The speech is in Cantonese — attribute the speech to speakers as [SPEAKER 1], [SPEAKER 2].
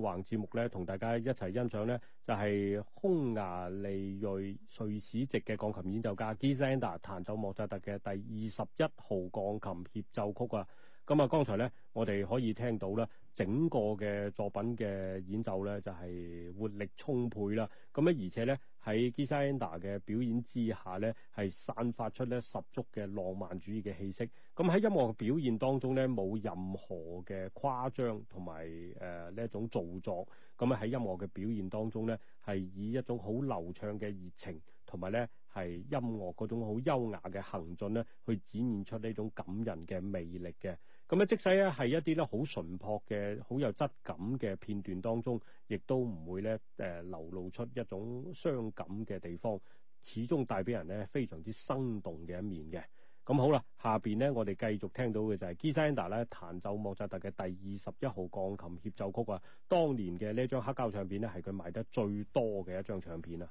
[SPEAKER 1] 橫節目咧，同大家一齊欣賞咧，就係匈牙利瑞瑞，瑞士籍嘅鋼琴演奏家 Géza Anda 彈奏莫扎特嘅第二十一號鋼琴協奏曲啊！咁啊！剛才咧，我哋可以聽到咧，整個嘅作品嘅演奏咧，就係活力充沛啦。咁咧，而且咧喺 Gisela 嘅表演之下咧，係散發出咧十足嘅浪漫主義嘅氣息。咁喺音樂嘅表現當中咧，冇任何嘅誇張同埋誒呢一種造作。咁喺音樂嘅表現當中咧，係以一種好流暢嘅熱情同埋咧係音樂嗰種好優雅嘅行進咧，去展現出呢種感人嘅魅力嘅。咁咧，即使咧係一啲咧好淳朴嘅、好有質感嘅片段當中，亦都唔會咧誒流露出一種傷感嘅地方，始終帶俾人咧非常之生動嘅一面嘅。咁好啦，下邊咧我哋繼續聽到嘅就係 Géza Anda 咧彈奏莫扎特嘅第二十一號鋼琴協奏曲啊。當年嘅呢張黑膠唱片咧係佢賣得最多嘅一張唱片啊。